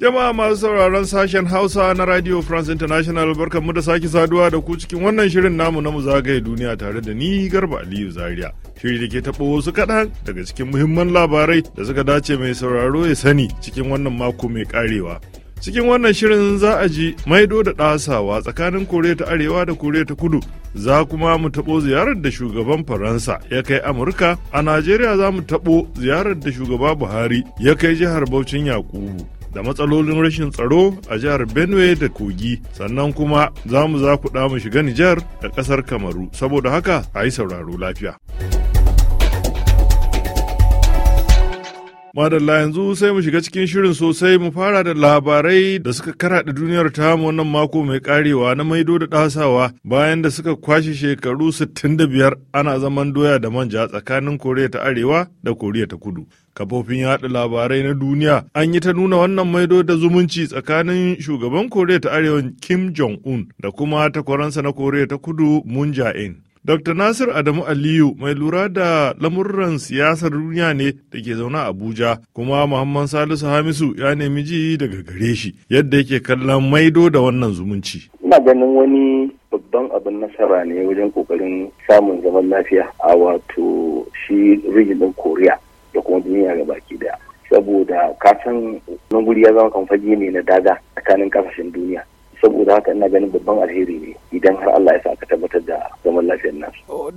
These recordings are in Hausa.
Jama'a masu sauraron sashen Hausa na Radio France International barkanmu da sake saduwa da ku cikin wannan shirin namu na mu zagaye duniya tare da ni Garba Aliyu Zaria. Shiri da ke taɓo wasu kaɗan daga cikin muhimman labarai da suka dace mai sauraro ya sani cikin wannan mako mai ƙarewa. Cikin wannan shirin za a ji maido da ɗasawa tsakanin Koriya ta Arewa da Koriya ta Kudu. Za kuma mu taɓo ziyarar da shugaban Faransa ya kai Amurka, a Najeriya za mu taɓo ziyarar da shugaba Buhari ya kai jihar Bauchin Yakubu. da matsalolin rashin tsaro a jihar benue da kogi sannan kuma za mu za ku mu shiga nijar da ƙasar kamaru saboda haka a yi sauraro lafiya. Madalla yanzu sai mu shiga cikin shirin sosai mu fara da labarai da suka karaɗa duniyar ta mu wannan mako mai karewa na maido da ɗasawa bayan da suka kwashe shekaru 65 ana zaman doya da manja tsakanin Koriya ta Arewa da Koriya ta Kudu. Kafofin yaɗa labarai na duniya an yi ta nuna wannan maido da zumunci tsakanin shugaban Koriya ta Arewa Kim Jong-un da kuma takwaransa na Koriya ta Kudu Moon Jae-in. Dr. Nasir Adamu Aliyu mai lura da lamurran siyasar duniya ne da ke zaune a Abuja kuma Muhammad Salisu Hamisu ya nemi ji daga gare shi yadda yake kallon maido da wannan zumunci. Ina ganin wani babban abin nasara ne wajen kokarin samun zaman lafiya a wato shi rigidin Koriya da kuma duniya ga baki daya. Saboda kasan nan ya zama kamfani ne na daga tsakanin kasashen duniya. saboda haka ina ganin babban alheri ne idan har Allah ya sa aka tabbatar da zaman lafiyar nan.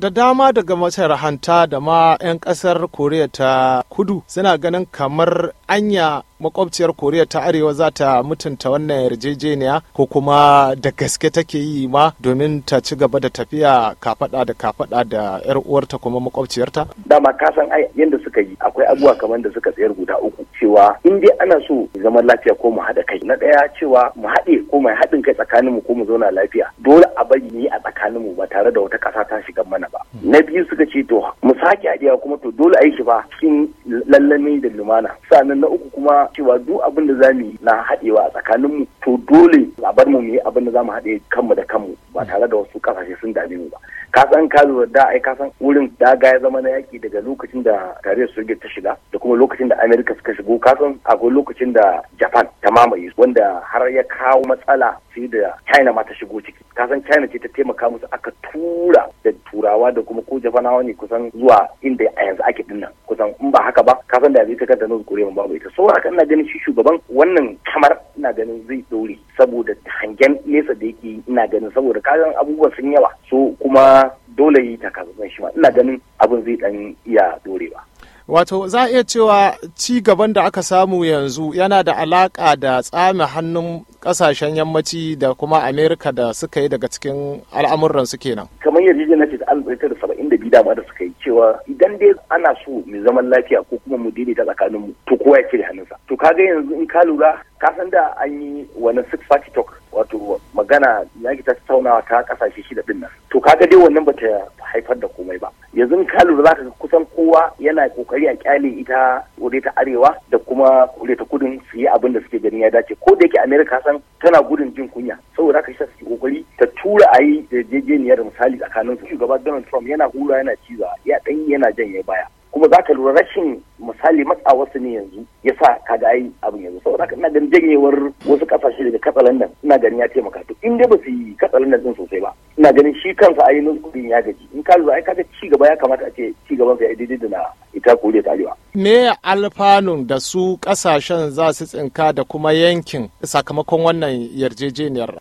Da dama daga masar hanta da ma 'yan kasar Koriya ta kudu suna ganin kamar anya makwabciyar Koriya ta Arewa za ta mutunta wannan yarjejeniya ko kuma da gaske take yi ma domin ta ci gaba da tafiya kafada da kafada da 'yar uwarta kuma makwabciyarta? Dama kasan yadda suka yi akwai abubuwa kamar da suka tsayar guda uku cewa in dai ana so zaman lafiya ko mu haɗa kai na ɗaya cewa mu haɗe ko mai haɗin kai tsakanin mu ko mu zauna lafiya dole a bayyane yi a tsakanin mu ba tare da wata ƙasa ta shiga mana ba hmm. na biyu suka ce to mu sake haɗewa kuma to dole aiki ba cikin lallami da lumana sannan na uku kuma cewa duk abin da za yi na haɗewa a tsakanin mu to dole a bar mu yi abin da za mu haɗe kanmu da kanmu ba hmm. tare da wasu ƙasashe sun dame mu ba ka san ka lura da ai ka san wurin daga ya zama na yaƙi daga lokacin da tarayyar soviet ta shiga da kuma lokacin da amerika suka shigo ka san akwai lokacin da japan ta mamaye wanda har ya kawo matsala sai da china ma ta shigo ciki ka san china ce ta taimaka musu aka tura da turawa da kuma ko japanawa ne kusan zuwa inda a yanzu ake dinnan kusan in ba haka ba ka san da zai ta North Korea babu ita so haka ina ganin shi shugaban wannan kamar ina ganin zai dore saboda hangen nesa da yake ina ganin saboda kayan abubuwan sun yawa so kuma dole yi shima shi ma ina ganin abin zai dan iya dorewa wato za a iya cewa ci gaban da aka samu yanzu yana da alaka da tsame hannun kasashen yammaci da kuma amerika da suka yi daga cikin al'amuran su kenan kamar yadda na ce da albarkar saba'in da biyu dama da suka yi cewa idan dai ana so mu zaman lafiya ko kuma mu daidaita tsakanin mu to kowa ya cire hannunsa to ka ga yanzu in ka lura kasan da an yi wani six party talk wato magana ya ta tattaunawa ta kasashe shida din nan to kaga dai wannan ba ta haifar da komai ba yanzu ka lura zaka ga kusan kowa yana kokari a kyale ita kure ta arewa da kuma kore ta kudin su yi abin da suke ganin ya dace ko da yake america san tana gudun jin kunya saboda haka shi kokari ta tura a yi yarjejeniyar misali tsakanin su shugaba donald trump yana hura yana ciza ya dan yana janye baya kuma za ka lura rashin misali matsa wasu ne yanzu ya sa ka ga ai abin yanzu saboda haka ina ganin janyewar wasu kasashe daga katsalandan ina ganin ya taimaka to in dai ba su yi katsalandan din sosai ba ina ganin shi kansa nan nuskurin ya gaji in ka lura ai kaga ci gaba ya kamata a ce ci gaban ga daidai da na ita koriya ta talewa. me alfanun da su kasashen za su tsinka da kuma yankin sakamakon wannan yarjejeniyar.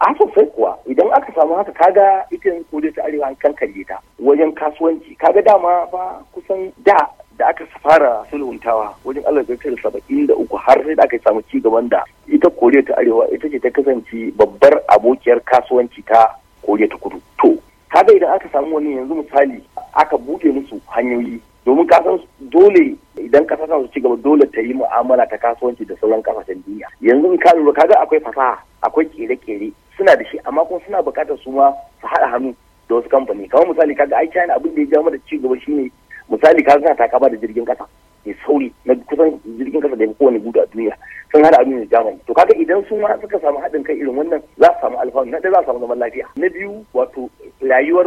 a sosai kuwa in aka samu haka kaga ita koriya ta arewa an kankare ta wajen kasuwanci kaga dama ba kusan da da aka fara sulhuntawa wajen alif da saba'in da uku har sai da aka samu ci gaban da ita koriya ta arewa ita ce ta kasance babbar abokiyar kasuwanci ta koriya ta kudu to kaga idan aka samu wani yanzu misali aka buɗe musu hanyoyi domin kasan dole idan kasa ta su ci gaba dole ta yi mu'amala ta kasuwanci da sauran kasashen duniya yanzu in ka lura kaga akwai fasaha akwai kere-kere suna da shi amma kuma suna buƙatar su ma su haɗa hannu da wasu kamfani kamar misali kaga ai China abin da ya jawo da ci gaba shine misali kaga suna takaba da jirgin ƙasa mai sauri na kusan jirgin kasa da ya fi kowane gudu a duniya sun haɗa abin da Germany to kaga idan su ma suka samu haɗin kai irin wannan za su samu alfanu na ɗaya za su samu zaman lafiya na biyu wato rayuwar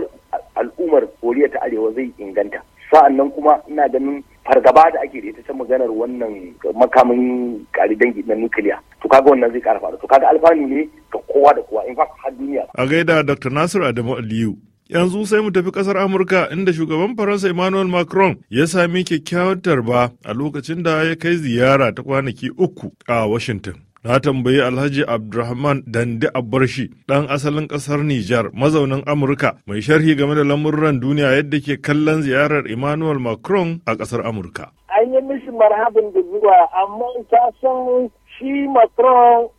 al'ummar Koriya ta Arewa zai inganta sa'an nan kuma ina ganin fargaba da ake da ita ta maganar wannan makamin kari dangi na nukiliya to kaga wannan zai kara faru to kaga alfanu ne ga kowa da kowa in fact har duniya. A gaida Dr. Nasiru Adamu Aliyu. Yanzu sai mu tafi kasar Amurka inda shugaban Faransa Emmanuel Macron ya sami kyakkyawar tarba a lokacin da ya kai ziyara ta kwanaki uku a Washington. Na tambayi Alhaji Abdulrahman Dande Abarshi, ɗan asalin ƙasar Nijar, mazaunin Amurka, mai sharhi game da lamurran duniya yadda ke kallon ziyarar Emmanuel Macron a ƙasar Amurka. An yi mishi marhabin da zuwa, amma ta san shi macron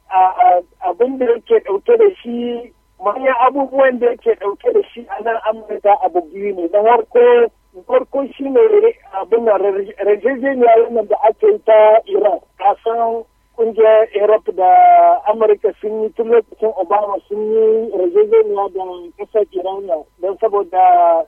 abin da yake dauke da shi manyan abubuwan da yake dauke da shi a nan amurka abu biyu ne na farko farko shi ne abin da rajajeniya wannan da ake yi ta iran kasan kungiyar europe da amurka sun yi tun lokacin obama sun yi rajajeniya da kasar iran don saboda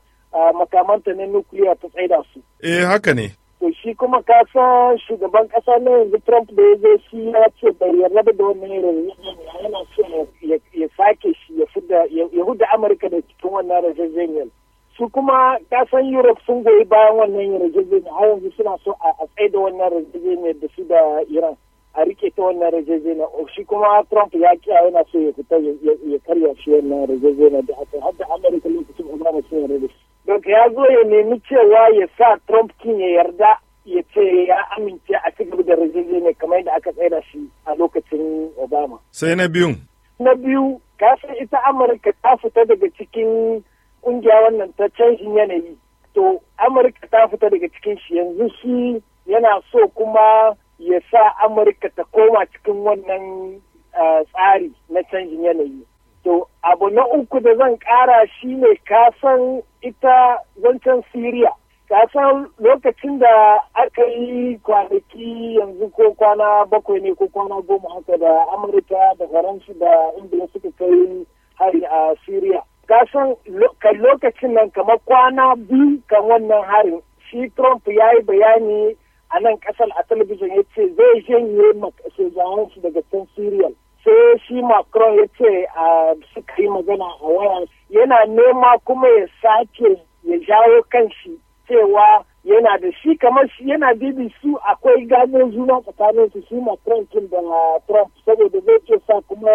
makamanta na nukiliya ta tsaida su eh haka ne to shi kuma ka san shugaban kasa na yanzu Trump da ya zai shi ya ce bai yarda da wani yarda yana so ya sake shi ya huda Amurka da cikin wannan rajajeniyar. Su kuma kasan Europe sun goyi bayan wannan rajajeniyar har yanzu suna so a tsaye da wannan rajajeniyar da su da Iran. a rike ta wannan rajajena shi kuma trump ya a yana so ya fita ya karya shi wannan rajajena da aka hada amurka lokacin obama sun yarda da shi don ya zo ya nemi cewa ya sa trump kin ya yarda ya ce ya amince a cikin da da ne kamar da aka tsaida shi a lokacin obama sai na biyu. na biyu kasan ita amurka ta fita daga cikin kungiya wannan ta canjin yanayi to amurka ta fita daga cikin shi yanzu shi yana so kuma ya sa amurka ta koma cikin wannan eh, tsari na canjin yanayi to abu na uku da zan ƙara shi ne kasan ita zancen siriya kasan lokacin da aka yi kwanaki yanzu ko kwana bakwai ne ko kwana goma haka da amurka da faransa da ingila suka kai hari a siriya kasan kan lokacin nan kamar kwana biyu kan wannan harin shi trump ya yi bayani a nan kasar a talabijin ya ce zai janye sojawansu daga can siriyal. sai shi macron ya ce a ah, suka yi magana a waya yana nema kuma ya sake ya jawo kanshi cewa yana da shi kamar shi yana bibi su akwai gano zuwa tsakanin su shi macron kin da ah, trump saboda zai ke sa kuma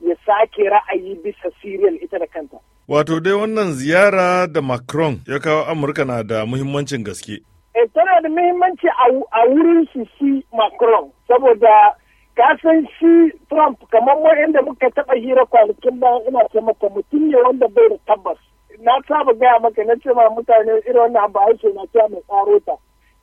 ya sake ra'ayi bisa serial ita da kanta wato dai wannan ziyara da macron ya kawo amurka na da muhimmancin gaske eh, tana da muhimmanci a wurin shi shi macron saboda ka san shi Trump kamar wanda muka taɓa hira kwanakin bayan ina ce maka mutum ne wanda bai da tabbas. Na saba gaya maka na ce ma mutane irin wannan abu aiki na cewa mai tsaro ta.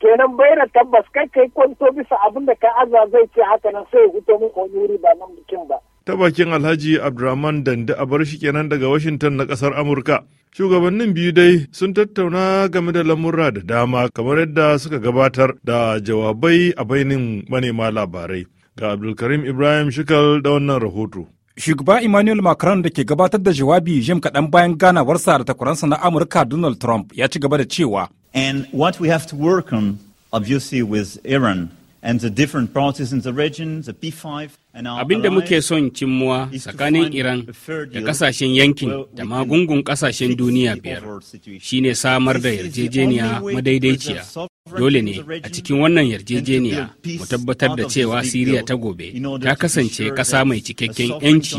Kenan bai da tabbas kai kai kwanto bisa abin da ka aza zai ce haka nan sai ya fito min wani wuri ba nan bikin ba. Ta bakin Alhaji Abdurrahman Dande a bar shi kenan daga Washington na kasar Amurka. Shugabannin biyu dai sun tattauna game da lamurra da dama kamar yadda suka gabatar da jawabai a bainin manema labarai. Ga Abdulkarim Ibrahim Shikal da wannan rahoto. Shugaba Emmanuel Macron da ke gabatar da jawabi jim kaɗan bayan ganawarsa da takwaransa na Amurka Donald Trump ya ci gaba da cewa. And what we have to work on, obviously, with Iran Abin da muke son cimmuwa tsakanin Iran da kasashen yankin da magungun kasashen duniya biyar shine samar da yarjejeniya madaidaiciya. Dole ne a cikin wannan yarjejeniya mu tabbatar da cewa Siriya ta gobe ta kasance ƙasa mai cikakken 'yanci.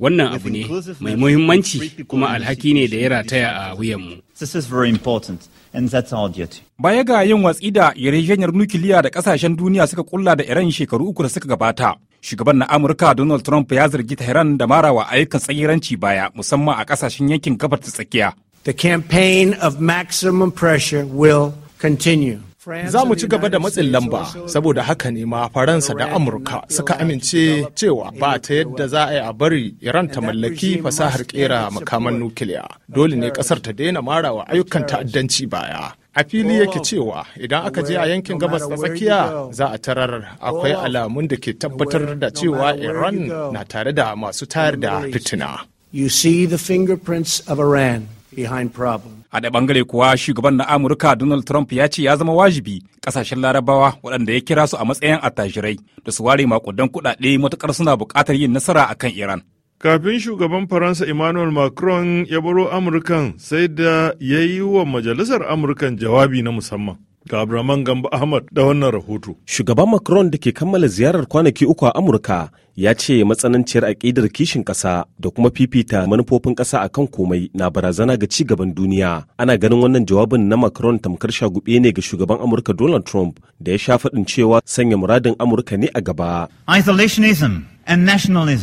Wannan abu ne mai muhimmanci kuma alhaki ne da ya rataya a wuyanmu. This is very important and that's our duty. Baya ga yin watsi da yarjejeniyar nukiliya da kasashen duniya suka kulla da Iran shekaru uku da suka gabata. Shugaban na Amurka Donald Trump ya zargi Tehran da marawa ayyukan tsagiranci baya musamman a kasashen yankin gabar ta tsakiya. The campaign of maximum pressure will continue. Za mu ci gaba da matsin lamba, saboda haka ne ma Faransa da Amurka suka amince cewa ba ta yadda za a yi a bari Iran ta mallaki fasahar kera makaman nukiliya. Dole ne kasar ta daina marawa ayyukan ta'addanci baya. a fili yake cewa idan aka je a yankin gabas ta tsakiya za a tarar akwai alamun da ke tabbatar da cewa iran na tare da masu tayar da fitina you see the fingerprints of iran behind problems A da bangare kuwa shugaban na Amurka Donald Trump ya ce ya zama wajibi kasashen larabawa waɗanda ya kira su a matsayin attajirai da su ware makudan kuɗaɗe matuƙar suna buƙatar yin nasara a kan Iran. Kafin shugaban Faransa Emmanuel Macron ya baro Amurkan sai da ya yi wa Majalisar Amurkan jawabi na musamman. Ga Abdurrahman Gambo Ahmad da wannan rahoto. Shugaban Macron da ke kammala ziyarar kwanaki uku a Amurka ya ce matsananciyar aƙidar kishin ƙasa da kuma fifita manufofin ƙasa kan komai na barazana ga ci gaban duniya ana ganin wannan jawabin na macron tamkar shagube ne ga shugaban amurka donald trump da ya sha faɗin cewa sanya muradin amurka ne a gaba isolationism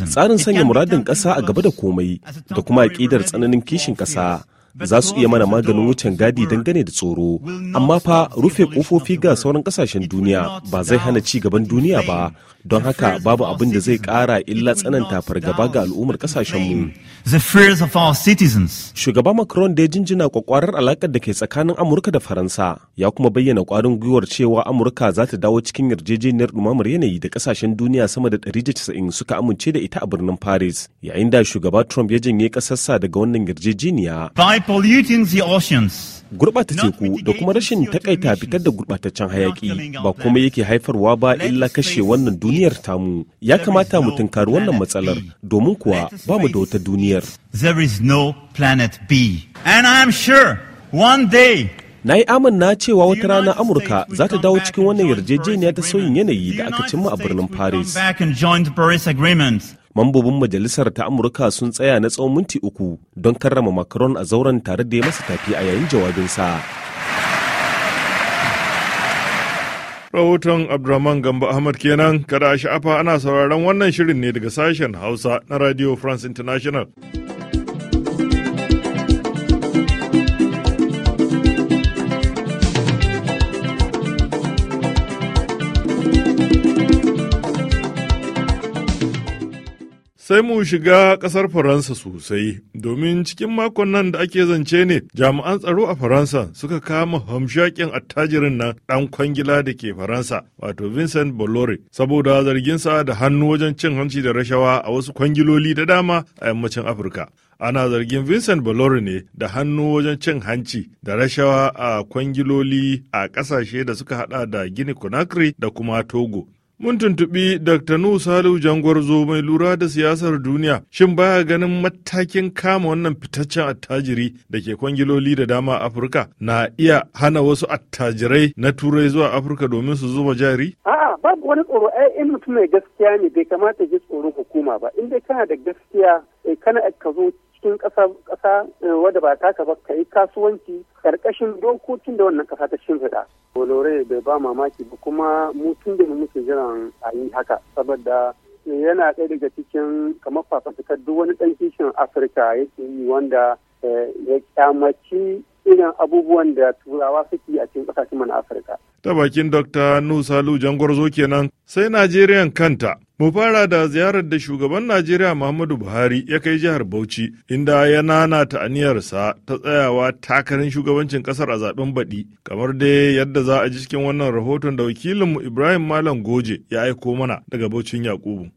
Tsarin sanya muradin ƙasa a gaba da komai da kuma aƙidar tsananin kishin ƙasa za su iya mana maganin wucin gadi dangane da tsoro amma fa rufe kofofi ga sauran kasashen duniya ba zai hana ci gaban duniya ba don haka babu abin da zai kara illa tsananta fargaba ga al'ummar kasashenmu shugaba macron da ya jinjina kwakwarar alakar da ke tsakanin amurka da faransa ya kuma bayyana kwarin gwiwar cewa amurka za ta dawo cikin yarjejeniyar dumamar yanayi da kasashen duniya sama da 190 suka amince da ita a birnin paris yayin da shugaba trump ya janye kasarsa daga wannan yarjejeniya Gurɓata teku da kuma rashin takaita fitar da gurɓataccen hayaƙi ba kuma yake haifarwa ba illa kashe wannan duniyar tamu. Ya kamata mu tunkari wannan matsalar domin kuwa ba mu da wata duniyar. na yi amanna cewa wata rana amurka za ta dawo cikin wannan yarjejeniya ta sauyin yanayi da aka cimma a birnin paris mambobin majalisar ta amurka sun tsaya na tsawon minti uku don karrama macron a zauren tare da ya masa tafi a yayin jawabinsa rahoton abdulrahman gamba ahmad kenan kada a sha'afa ana sauraron wannan shirin ne daga sashen hausa na radio france international sai mu shiga kasar faransa sosai domin cikin makon nan da ake zance ne jami'an tsaro a faransa suka kama hamshakin attajirin nan ɗan kwangila da ke faransa wato vincent bolore saboda zarginsa da hannu wajen cin hanci da rashawa a wasu kwangiloli da dama a yammacin afirka ana zargin vincent bolore ne da hannu wajen cin hanci da rashawa a kwangiloli a kasashe da suka hada da gini conakry da kuma togo Mun tuntuɓi Dr. nuhu Salihu Jangwarzo mai lura da siyasar duniya, shin baya ganin matakin kama wannan fitaccen attajiri da ke kwangiloli da dama Afirka na iya hana wasu attajirai na Turai zuwa Afirka domin su zuba jari? A'a, babu wani tsoro, ai in mutum mai gaskiya ne bai kamata ji tsoro hukuma ba, in dai kana da gaskiya eh, kana ka zo cikin ƙasa eh, wadda ba taka ba ka yi kasuwanci ƙarƙashin dokokin da wannan ƙasa ta shimfiɗa. Bolore bai ba mamaki ba kuma mu tun da muke jiran a yi haka saboda yana ɗaya daga cikin kamar fafatukar duk wani ɗan kishin Afirka yake yi wanda eh, ya kyamaci irin abubuwan da turawa suke a cikin ƙasashen mana Afirka. Ta bakin Dr. Nusa Lujan Gwarzo kenan sai Najeriyan kanta Mu fara da ziyarar da shugaban Najeriya Muhammadu Buhari ya kai jihar Bauchi, inda ya nana aniyarsa ta tsayawa takarin shugabancin kasar a zaben baɗi, kamar dai yadda za a ji cikin wannan rahoton da wakilinmu Ibrahim Malam Goje ya aiko mana daga bauchin Yakubu.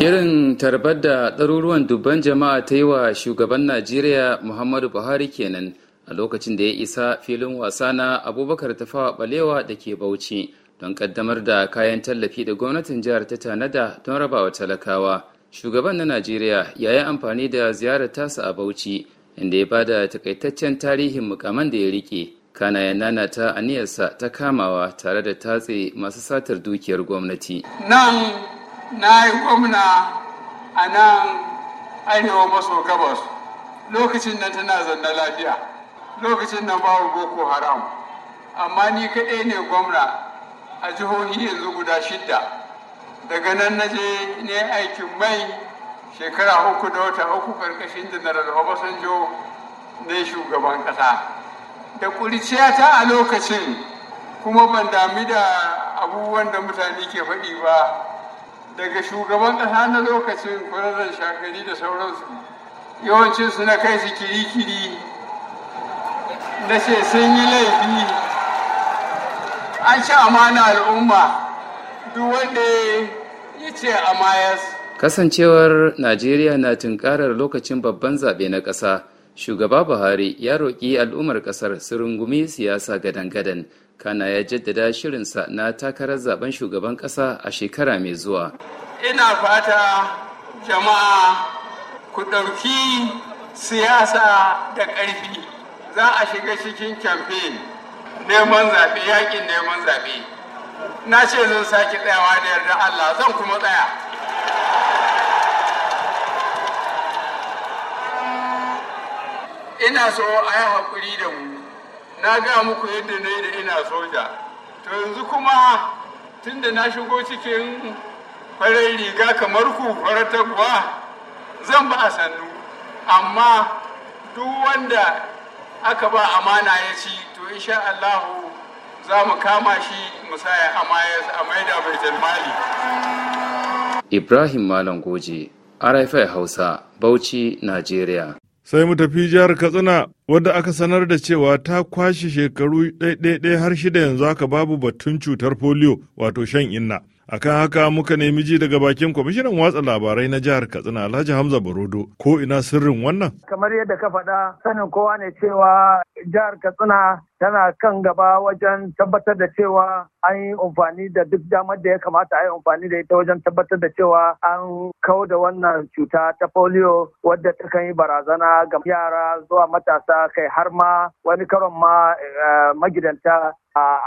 Irin tarbar da ɗaruruwan dubban jama'a ta yi wa shugaban Najeriya Muhammadu Buhari kenan. a lokacin da ya isa filin wasa na abubakar tafawa balewa da ke bauchi don kaddamar da kayan tallafi da gwamnatin jihar ta tanada don rabawa talakawa shugaban na najeriya ya yi amfani da ziyarar tasa a bauchi inda ya bada takaitaccen tarihin mukaman da ya rike kana ya nanata aniyarsa ta kamawa tare da tatse masu satar dukiyar gwamnati nan na yi gwamna a nan arewa maso gabas lokacin nan tana zanna lafiya lokacin nan babu boko haram amma ni kaɗai ne gwamna a jihohi yanzu guda shidda daga nan na je ne aikin mai shekara uku da wata uku karkashin general obasanjo ne shugaban ƙasa da ta a lokacin kuma ban dami da abubuwan da mutane ke faɗi ba daga shugaban ƙasa na lokacin kwararren shakari da sauransu yawancin su na kai su kiri-kiri na ce sun yi laifi an sha amana al'umma duk wanda ya ce amayas kasancewar najeriya na tunkarar lokacin babban zaɓe na ƙasa shugaba buhari ya roƙi al'ummar ƙasar su rungumi siyasa gadan-gadan kana ya jaddada shirinsa na takarar zaben shugaban ƙasa a shekara mai zuwa ina fata jama'a ku ɗauki siyasa da ƙarfi za a shiga cikin campaign neman zaɓe yakin neman zaɓe na ce zan sake tsayawa da yarda Allah zan kuma tsaya ina so a yi haƙuri da mu na ga muku yadda na yi da ina soja to yanzu kuma tunda na shigo cikin farar riga kamar ku farar taguwa zan ba a sannu amma duk wanda aka ba amana ya ci to sha Allahu za mu kama shi musaya a maida baitul mali Ibrahim Malam Goje RFI Hausa Bauchi Najeriya sai mu tafi jihar katsina wadda aka sanar da cewa ta kwashe shekaru ɗaiɗaiɗai har shida yanzu aka babu batun cutar polio wato shan inna a kan haka muka nemi ji daga bakin kwamishinan watsa labarai na jihar katsina alhaji hamza barodo ko ina sirrin wannan kamar yadda ka faɗa sanin kowa ne cewa jihar katsina tana kan gaba wajen tabbatar da cewa an yi amfani da duk damar da ya kamata a yi amfani da ita wajen tabbatar da cewa an kau da wannan cuta ta polio wadda ta kan yi barazana ga yara zuwa matasa kai har ma wani karon ma eh, magidanta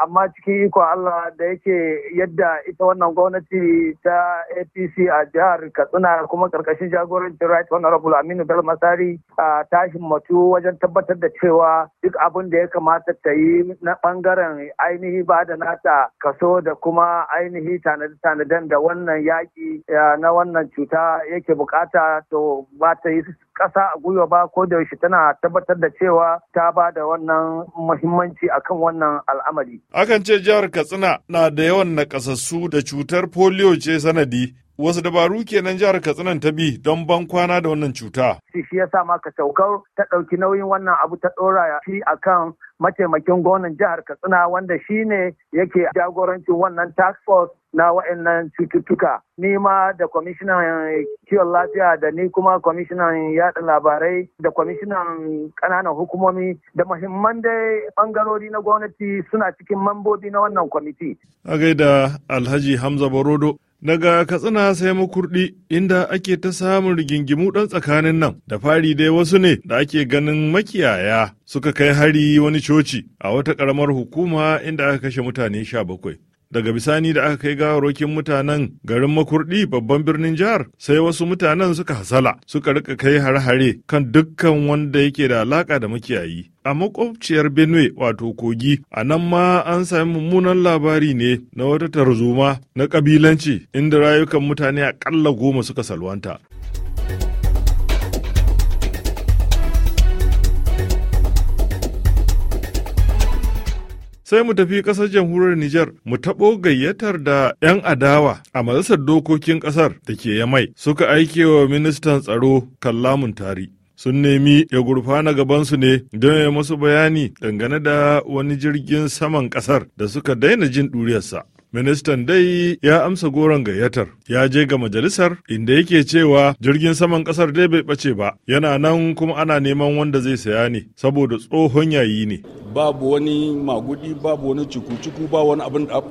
amma cikin iko Allah da yake yadda ita wannan gwamnati ta APC a jihar Katsina kuma karkashin jagorancin Right Honorable Aminu Bello Masari ta himmatu wajen tabbatar da cewa duk abin da ya kamata ta yi na bangaren ainihi ba da nata kaso da kuma ainihi tanadan da wannan yaki na wannan cuta yake bukata to ba ta yi ƙasa a gwiwa ba ko da yaushe tana tabbatar da cewa ta ba da wannan muhimmanci akan wannan al'amari. Akan ce jihar Katsina na da yawan nakasassu da cutar polio ce sanadi wasu dabaru kenan jihar katsina ta bi don ban kwana da wannan cuta. shi ya sa maka saukar ta ɗauki nauyin wannan abu ta ɗora shi kan mataimakin gwamnan jihar katsina wanda shi ne yake jagorancin wannan task force na wa'annan cututtuka ni ma da kwamishinan kiwon lafiya da ni kuma kwamishinan yaɗa labarai da kwamishinan ƙananan hukumomi da muhimman dai ɓangarori na gwamnati suna cikin mambobi na wannan kwamiti. a gaida alhaji hamza barodo Daga Katsina sai makurdi inda ake ta samun rigingimu ɗan tsakanin nan, da fari dai wasu ne da ake ganin makiyaya suka kai hari wani coci a wata ƙaramar hukuma inda aka kashe mutane sha bakwai. daga bisani da aka kai gawarwakin mutanen garin makurdi babban birnin jihar sai wasu mutanen suka hasala suka rika kai har hare kan dukkan wanda yake da alaka da makiyayi a makwabciyar benue wato kogi a nan ma an sami mummunan labari ne na wata tarzoma na kabilanci inda rayukan mutane akalla goma suka salwanta sai mu tafi ƙasar jamhuriyar Nijar mu taɓo gayyatar da 'yan adawa a majalisar dokokin ƙasar da ke Yamai suka aike wa ministan tsaro Kallamun Tari. Sun nemi ya gurfa gurfana gabansu ne don ya masu bayani dangane da wani jirgin saman ƙasar da suka daina jin duriyarsa Ministan dai ya amsa goron gayyatar, ya je ga majalisar inda yake cewa jirgin saman kasar dai bai bace ba, yana nan kuma ana neman wanda zai saya ne saboda tsohon yayi ne. Babu wani magudi, babu wani cuku-cuku, ba wani abin da a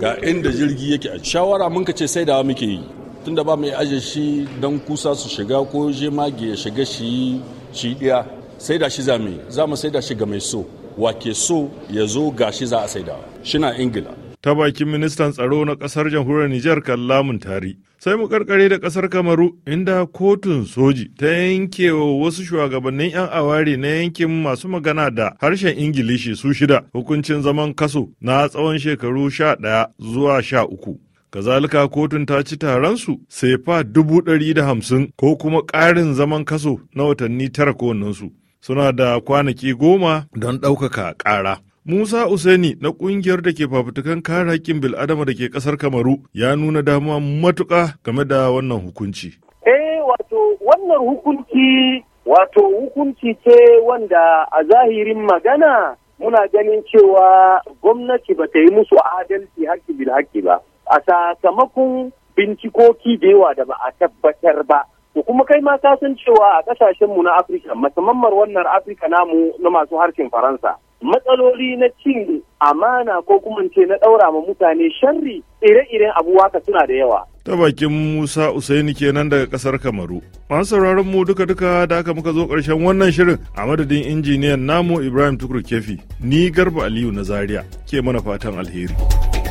ga inda jirgi yake a shawara mun ka ce sai da muke yi. Tunda ba mai aje shi don kusa su shiga ko je mage ya shiga shi shi ɗiya sai da shi za mu za mu sai da shi ga mai so. wake so ya zo gashi za a saida na ingila ta bakin ministan tsaro na kasar jamhuriyar Nijar Kallamun Tari. Sai mu karkare da kasar Kamaru inda kotun soji ta yanke wa wasu shugabannin 'yan aware na yankin masu magana da harshen Ingilishi su shida hukuncin zaman kaso na tsawon shekaru sha ɗaya zuwa sha uku. Kazalika kotun ta ci taronsu sai fa dubu ɗari da hamsin ko kuma ƙarin zaman kaso na watanni tara kowannensu. Suna da kwanaki goma don ɗaukaka ƙara. Musa Useni na kungiyar da ke fafutukan kare haƙƙin bil'adama da ke ƙasar Kamaru ya nuna damuwa matuƙa game da wannan hukunci. Eh wato wannan hukunci wato hukunci ce wanda a zahirin magana muna ganin cewa gwamnati ba ta yi musu adalci haƙƙin bil haƙƙi ba. A sakamakon bincikoki da yawa da ba a tabbatar ba. To kuma kai ma ka san cewa a ƙasashenmu na Afirka musamman wannan Afirka namu na masu harshen Faransa. matsaloli na cin amana ko kuma ce na ɗaura ma mutane sharri ire-iren abubuwa ka suna da yawa. Ta bakin Musa Usaini kenan daga kasar Kamaru. Masu sauraron mu duka-duka da aka muka zo ƙarshen wannan shirin a madadin injiniyan namu Ibrahim Tukur Kefi, ni Garba Aliyu na Zaria ke mana fatan alheri.